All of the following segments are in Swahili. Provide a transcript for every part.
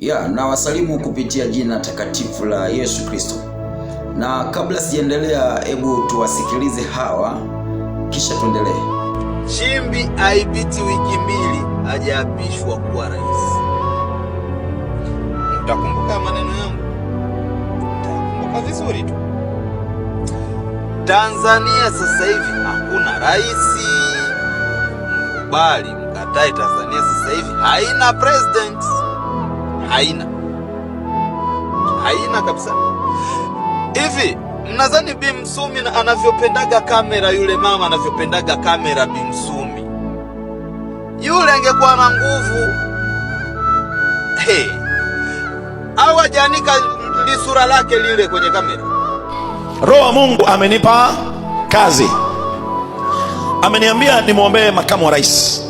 Ya, na wasalimu kupitia jina takatifu la Yesu Kristo. Na kabla sijaendelea, hebu tuwasikilize hawa kisha tuendelee. Chimbi aipiti wiki mbili hajaapishwa kuwa rais. Mtakumbuka maneno yangu, mtakumbuka vizuri tu. Tanzania sasa hivi hakuna rais, mkubali mkatae, Tanzania sasa hivi haina president haina haina kabisa. Hivi mnadhani Bi Msumi anavyopendaga kamera, yule mama anavyopendaga kamera Bi Msumi yule, angekuwa na nguvu hey, au ajanika lisura lake lile kwenye kamera? Roho wa Mungu amenipa kazi, ameniambia nimwombee makamu wa rais.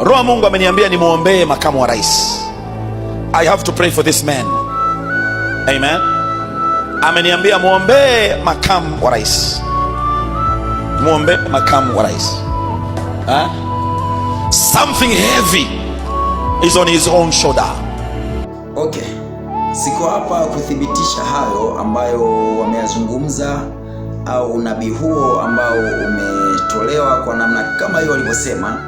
Roho wa Mungu ameniambia nimwombee makamu wa rais. I have to pray for this man. Amen. Ameniambia muombe makamu wa rais, muombe makamu wa rais. Huh? Something heavy is on his own shoulder. Okay. Siko hapa kuthibitisha hayo ambayo wameyazungumza au unabii huo ambao umetolewa kwa namna kama hiyo walivyosema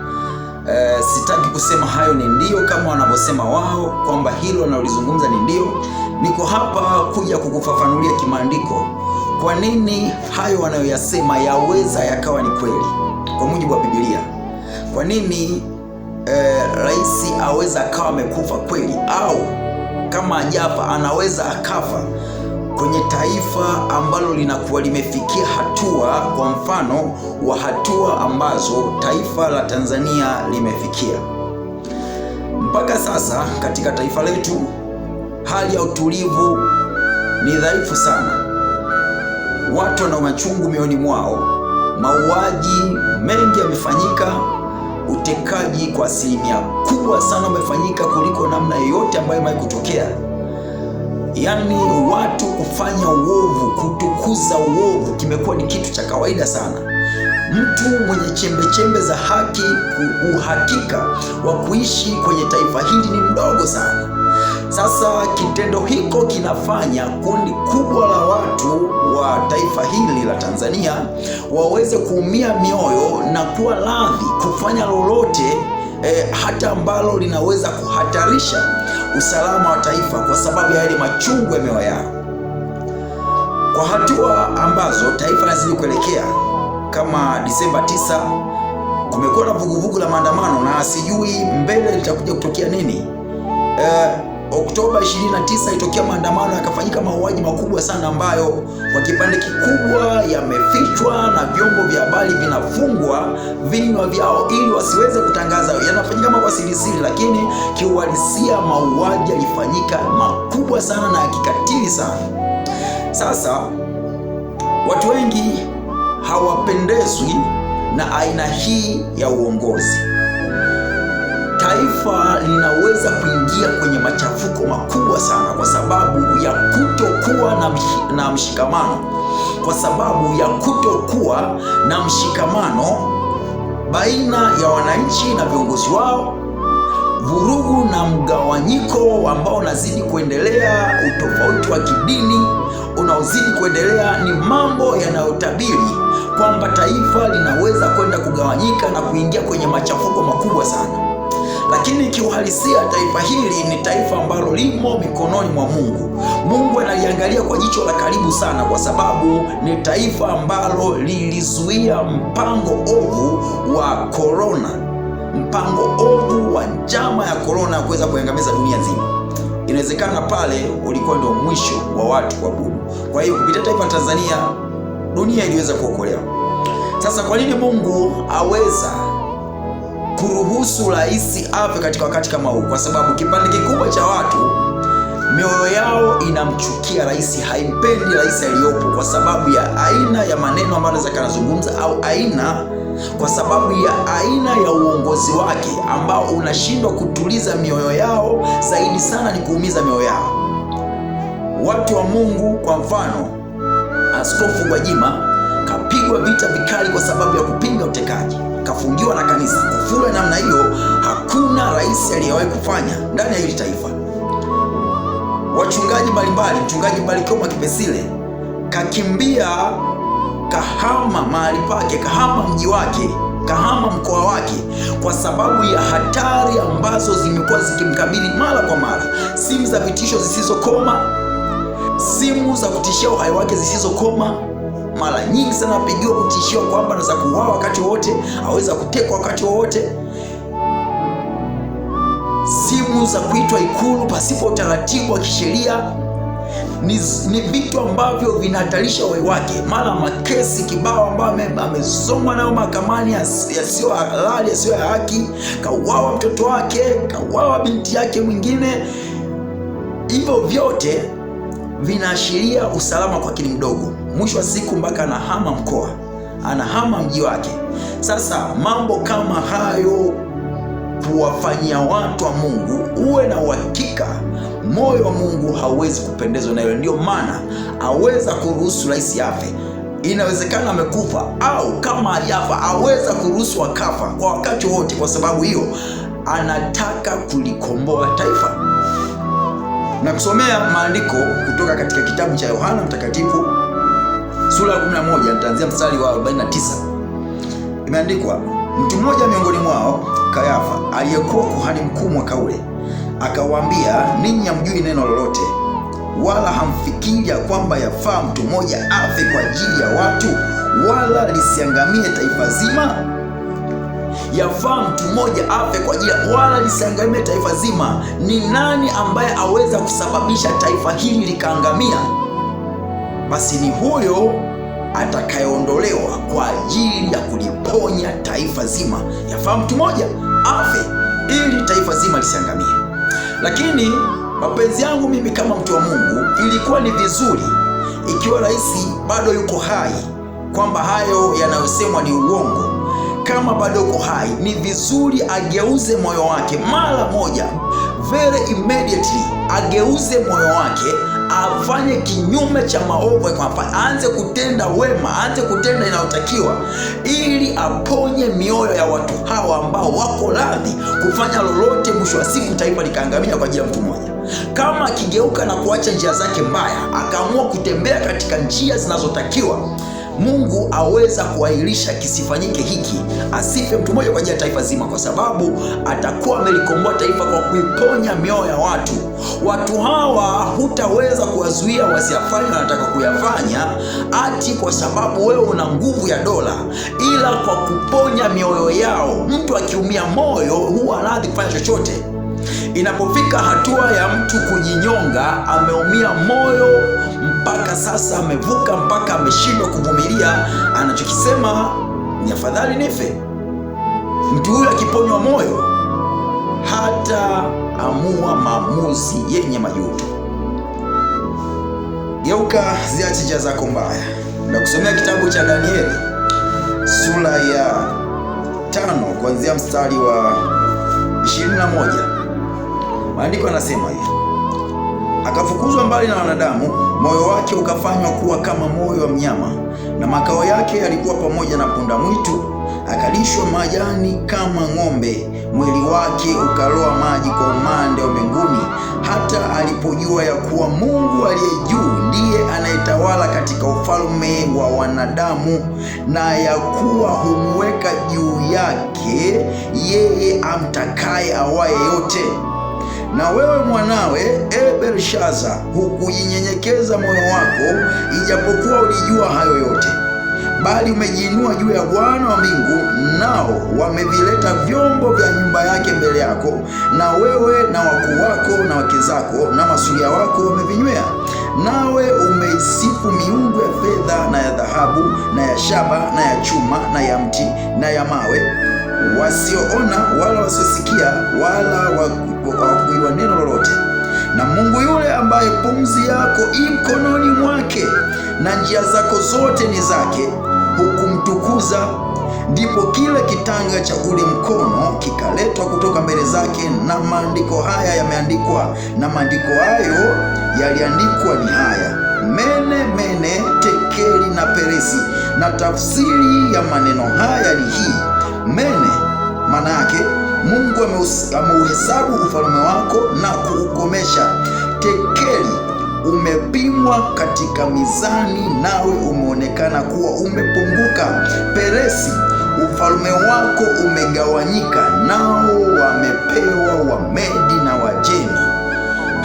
Eh, sitaki kusema hayo ni ndio kama wanavyosema wao kwamba hilo wanalizungumza ni ndio. Niko hapa kuja kukufafanulia kimaandiko kwa nini hayo wanayoyasema yaweza yakawa ni kweli kwa mujibu wa Biblia. Kwa nini uh, rais aweza akawa amekufa kweli, au kama ajafa anaweza akafa kwenye taifa ambalo linakuwa limefikia hatua, kwa mfano wa hatua ambazo taifa la Tanzania limefikia mpaka sasa. Katika taifa letu hali ya utulivu ni dhaifu sana, watu wana machungu mioni mwao, mauaji mengi yamefanyika, utekaji kwa asilimia kubwa sana umefanyika kuliko namna yoyote ambayo imewahi kutokea yaani watu kufanya uovu, kutukuza uovu kimekuwa ni kitu cha kawaida sana. Mtu mwenye chembechembe chembe za haki, uhakika wa kuishi kwenye taifa hili ni mdogo sana. Sasa kitendo hiko kinafanya kundi kubwa la watu wa taifa hili la Tanzania waweze kuumia mioyo na kuwa radhi kufanya lolote eh, hata ambalo linaweza kuhatarisha usalama wa taifa kwa sababu ya yale machungu ya mioyo yao. Kwa hatua ambazo taifa linazidi kuelekea, kama Disemba 9 kumekuwa na vuguvugu la maandamano na sijui mbele litakuja kutokea nini eh, Oktoba 29 ilitokea maandamano yakafanyika mauaji makubwa sana, ambayo kwa kipande kikubwa yamefichwa na vyombo vya habari vinafungwa vinywa vyao ili wasiweze kutangaza. Yanafanyika kama kwa sirisiri, lakini kiuhalisia mauaji yalifanyika makubwa sana na kikatili sana. Sasa watu wengi hawapendezwi na aina hii ya uongozi taifa linaweza kuingia kwenye machafuko makubwa sana kwa sababu ya kutokuwa na, msh na mshikamano kwa sababu ya kutokuwa na mshikamano baina ya wananchi na viongozi wao, vurugu na mgawanyiko ambao unazidi kuendelea, utofauti wa kidini unaozidi kuendelea, ni mambo yanayotabiri kwamba taifa linaweza kwenda kugawanyika na kuingia kwenye machafuko makubwa sana lakini kiuhalisia taifa hili ni taifa ambalo limo mikononi mwa Mungu. Mungu analiangalia kwa jicho la karibu sana, kwa sababu ni taifa ambalo lilizuia mpango ovu wa korona, mpango ovu wa njama ya korona ya kuweza kuangamiza dunia nzima. Inawezekana pale ulikuwa ndio mwisho wa watu kuabudu. Kwa hiyo kupitia taifa la Tanzania dunia iliweza kuokolewa. Sasa kwa nini Mungu aweza kuruhusu rais afe katika wakati kama huu, kwa sababu kipande kikubwa cha watu mioyo yao inamchukia rais, haimpendi rais aliyopo kwa sababu ya aina ya maneno ambayo anaweza kanazungumza au aina, kwa sababu ya aina ya uongozi wake ambao unashindwa kutuliza mioyo yao, zaidi sana ni kuumiza mioyo yao. Watu wa Mungu, kwa mfano Askofu Gwajima kapigwa vita vikali kwa sababu ya kupinga utekaji kafungiwa na kanisa. Kufura namna hiyo hakuna rais aliyewahi kufanya ndani ya hili taifa. Wachungaji mbalimbali, mchungaji Barikiwa Kipesile kakimbia, kahama mahali pake, kahama mji wake kahama mkoa wake kwa sababu ya hatari ambazo zimekuwa zikimkabili mara kwa mara. Simu za vitisho zisizokoma, simu za kutishia uhai wake zisizokoma mara nyingi sana apigiwa kutishiwa kwamba anaweza kuuawa wakati wowote, aweza kutekwa wakati wowote. Simu za kuitwa Ikulu pasipo utaratibu wa kisheria ni, ni vitu ambavyo vinahatarisha uhai wake. Mara makesi kibao ambayo amesomwa nayo mahakamani yasiyo halali, yasiyo ya haki, kauawa mtoto wake, kauawa binti yake mwingine. Hivyo vyote vinaashiria usalama kwa kili mdogo mwisho wa siku mpaka anahama mkoa, anahama mji wake. Sasa mambo kama hayo kuwafanyia watu wa Mungu, uwe na uhakika moyo wa Mungu hauwezi kupendezwa nayo. Ndio maana aweza kuruhusu rais afe, inawezekana amekufa, au kama aliafa aweza kuruhusu akafa kwa wakati wote, kwa sababu hiyo anataka kulikomboa taifa. Na kusomea maandiko kutoka katika kitabu cha Yohana Mtakatifu sura ya 11 nitaanzia mstari wa 49. Imeandikwa, mtu mmoja miongoni mwao Kayafa, aliyekuwa kuhani mkuu mwaka ule, akawaambia, ninyi hamjui neno lolote, wala hamfikiri ya kwamba yafaa mtu mmoja afe kwa ajili ya watu, wala lisiangamie taifa zima? Yafaa mtu mmoja afe kwa ajili ya wala lisiangamie taifa zima. Ni nani ambaye aweza kusababisha taifa hili likaangamia? Basi ni huyo atakayeondolewa kwa ajili ya kuliponya taifa zima. yafaa mtu mmoja afe ili taifa zima lisiangamie. Lakini mapenzi yangu mimi kama mtu wa Mungu, ilikuwa ni vizuri ikiwa rais bado yuko hai, kwamba hayo yanayosemwa ni uongo kama bado yuko hai ni vizuri ageuze moyo wake mara moja, very immediately ageuze moyo wake afanye kinyume cha maovu aanze kutenda wema, aanze kutenda inayotakiwa, ili aponye mioyo ya watu hawa ambao wako radhi kufanya lolote, mwisho wa siku taifa likaangamia kwa ajili ya mtu mmoja. Kama akigeuka na kuacha njia zake mbaya, akaamua kutembea katika njia zinazotakiwa Mungu aweza kuahirisha kisifanyike hiki, asife mtu mmoja kwa ajili ya taifa zima, kwa sababu atakuwa amelikomboa taifa kwa kuiponya mioyo ya watu. Watu hawa hutaweza kuwazuia wasiyafanye wanataka kuyafanya, ati kwa sababu wewe una nguvu ya dola, ila kwa kuponya mioyo yao. Mtu akiumia moyo huwa radhi kufanya chochote. Inapofika hatua ya mtu kujinyonga, ameumia moyo mpaka sasa amevuka mpaka ameshindwa kuvumilia, anachokisema ni afadhali nife. Mtu huyo akiponywa moyo hata amua maamuzi yenye majuto. Geuka ziache njia zako mbaya na kusomea kitabu cha Danieli sura ya tano kuanzia mstari wa 21. Maandiko anasema hivi: Akafukuzwa mbali na wanadamu, moyo wake ukafanywa kuwa kama moyo wa mnyama, na makao yake yalikuwa pamoja na punda mwitu. Akalishwa majani kama ng'ombe, mwili wake ukaloa maji kwa umande wa mbinguni, hata alipojua ya kuwa Mungu aliye juu ndiye anayetawala katika ufalme wa wanadamu, na ya kuwa humweka juu yake yeye amtakaye awaye yote. Na wewe mwanawe, ebel Belshaza, hukujinyenyekeza moyo wako, ijapokuwa ulijua hayo yote, bali umejiinua juu ya Bwana wa mbingu, nao wamevileta vyombo vya nyumba yake mbele yako, na wewe na wakuu wako na wake zako na masuria wako wamevinywea. Nawe umeisifu miungu ya fedha na ya dhahabu na ya shaba na ya chuma na ya mti na ya mawe, wasioona wala wasiosikia wala kuiwa neno lolote. Na Mungu yule ambaye pumzi yako i mkononi mwake na njia zako zote ni zake, hukumtukuza ndipo kile kitanga cha ule mkono kikaletwa kutoka mbele zake, na maandiko haya yameandikwa. Na maandiko hayo yaliandikwa ni haya, mene mene tekeli na peresi. Na tafsiri ya maneno haya ni hii, mene maana yake Mungu ameuhesabu ufalme wako na kuukomesha. Tekeli, umepimwa katika mizani, nawe umeonekana kuwa umepunguka. Peresi, ufalme wako umegawanyika, nao wamepewa Wamedi na Waje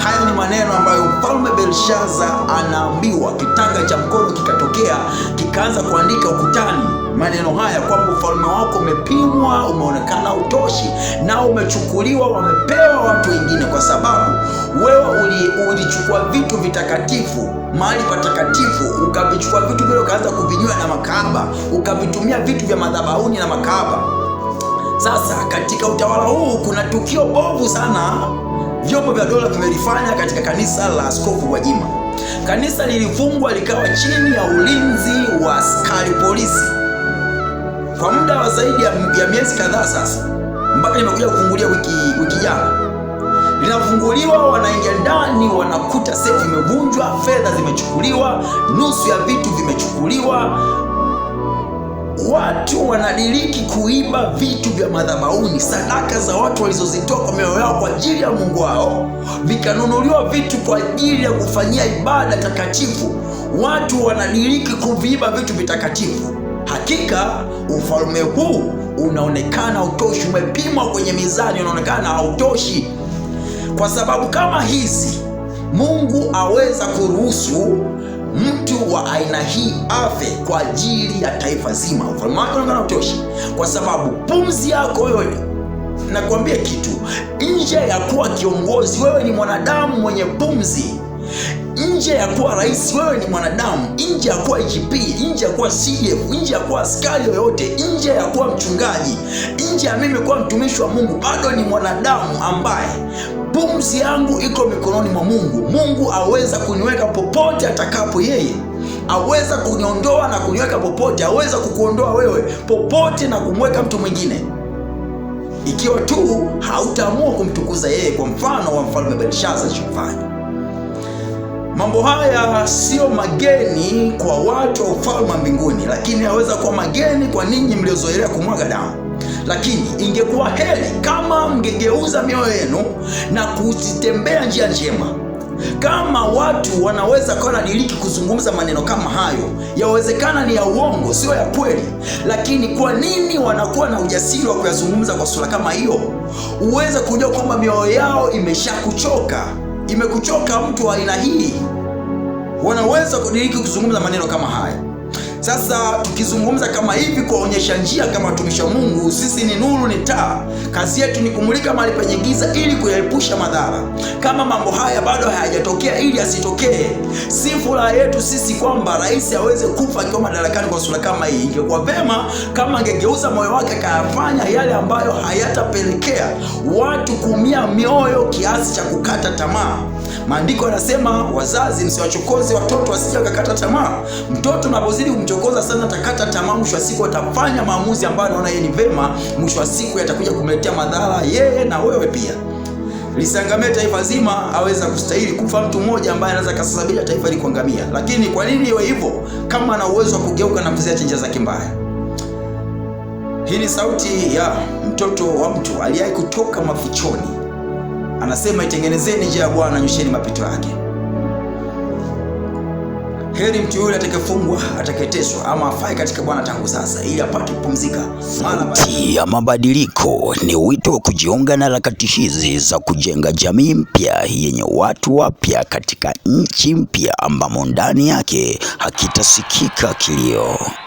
Hayo ni maneno ambayo mfalme Belshaza anaambiwa, kitanga cha mkono kikatokea kikaanza kuandika ukutani maneno haya kwamba ufalme wako umepimwa, umeonekana utoshi, nao umechukuliwa, wamepewa watu wengine, kwa sababu wewe ulichukua uli vitu vitakatifu mahali patakatifu, ukavichukua vitu vile ukaanza kuvinywa na makahaba, ukavitumia vitu vya madhabahuni na makahaba. Sasa katika utawala huu kuna tukio bovu sana vyombo vya dola vimelifanya katika kanisa la Askofu Gwajima. Kanisa lilifungwa likawa chini ya ulinzi wa askari polisi kwa muda wa zaidi ya miezi kadhaa sasa, mpaka limekuja kufungulia wiki wiki jana. Linafunguliwa, wanaingia ndani, wanakuta sefu imevunjwa, fedha zimechukuliwa, nusu ya vitu vimechukuliwa watu wanadiriki kuiba vitu vya madhabahuni, sadaka za watu walizozitoa kwa mioyo yao kwa ajili ya Mungu wao, vikanunuliwa vitu kwa ajili ya kufanyia ibada takatifu. Watu wanadiriki kuviiba vitu vitakatifu. Hakika ufalme huu unaonekana hautoshi, umepimwa kwenye mizani, unaonekana hautoshi, kwa sababu kama hizi Mungu aweza kuruhusu mtu wa aina hii afe kwa ajili ya taifa zima. Ufalme wake unaonekana utoshi, kwa sababu pumzi yako wewe Nakwambia kitu, nje ya kuwa kiongozi, wewe ni mwanadamu mwenye pumzi nje ya kuwa rais, wewe ni mwanadamu. Nje ya kuwa IGP, nje ya kuwa CF, nje ya kuwa askari yoyote, nje ya kuwa mchungaji, nje ya mimi kuwa mtumishi wa Mungu, bado ni mwanadamu ambaye pumzi yangu iko mikononi mwa Mungu. Mungu aweza kuniweka popote atakapo yeye aweza kuniondoa na kuniweka popote, aweza kukuondoa wewe popote na kumweka mtu mwingine, ikiwa tu hautaamua kumtukuza yeye, kwa mfano wa mfalme Belshaza alichofanya. Mambo haya siyo mageni kwa watu wa ufalme wa mbinguni, lakini yaweza kuwa mageni kwa ninyi mliozoelea kumwaga damu lakini ingekuwa heri kama mngegeuza mioyo yenu na kuzitembea njia njema. Kama watu wanaweza kuwa wanadiriki kuzungumza maneno kama hayo, yawezekana ni ya uongo, sio ya kweli, lakini kwa nini wanakuwa na ujasiri wa kuyazungumza kwa sura kama hiyo? Uweze kujua kwamba mioyo yao imeshakuchoka imekuchoka mtu wa aina hii, wanaweza kudiriki kuzungumza maneno kama haya. Sasa tukizungumza kama hivi, kuwaonyesha njia kama watumishi wa Mungu, sisi ni nuru, ni taa. Kazi yetu ni kumulika mahali penye giza ili kuyaepusha madhara. Kama mambo haya bado hayajatokea, ili asitokee si furaha yetu sisi kwamba rais aweze kufa akiwa madarakani kwa sura kama hii. Ingekuwa vema kama angegeuza moyo wake akayafanya yale ambayo hayatapelekea watu kuumia mioyo kiasi cha kukata tamaa. Maandiko yanasema wazazi, msiwachokoze watoto wasije wakakata tamaa. Mtoto unapozidi kumchokoza sana, atakata tamaa, mwisho wa siku atafanya maamuzi ambayo anaona yeye ni vema, mwisho wa siku yatakuja kumletea madhara yeye na wewe pia. Lisangamia taifa zima, aweza kustahili kufa mtu mmoja ambaye anaweza kasababisha taifa likuangamia. Lakini kwa nini iwe hivyo kama ana uwezo wa kugeuka na kuzia chenja zake mbaya? Hii ni sauti ya mtoto wa mtu aliyewahi kutoka mafichoni Anasema itengenezeni njia ya Bwana, nyosheni mapito yake. Heri mtu yule atakayefungwa, atakayeteswa ama afai katika Bwana tangu sasa, ili apate kupumzika. Sauti ya Mabadiliko ni wito wa kujiunga na harakati hizi za kujenga jamii mpya yenye watu wapya katika nchi mpya ambamo ndani yake hakitasikika kilio.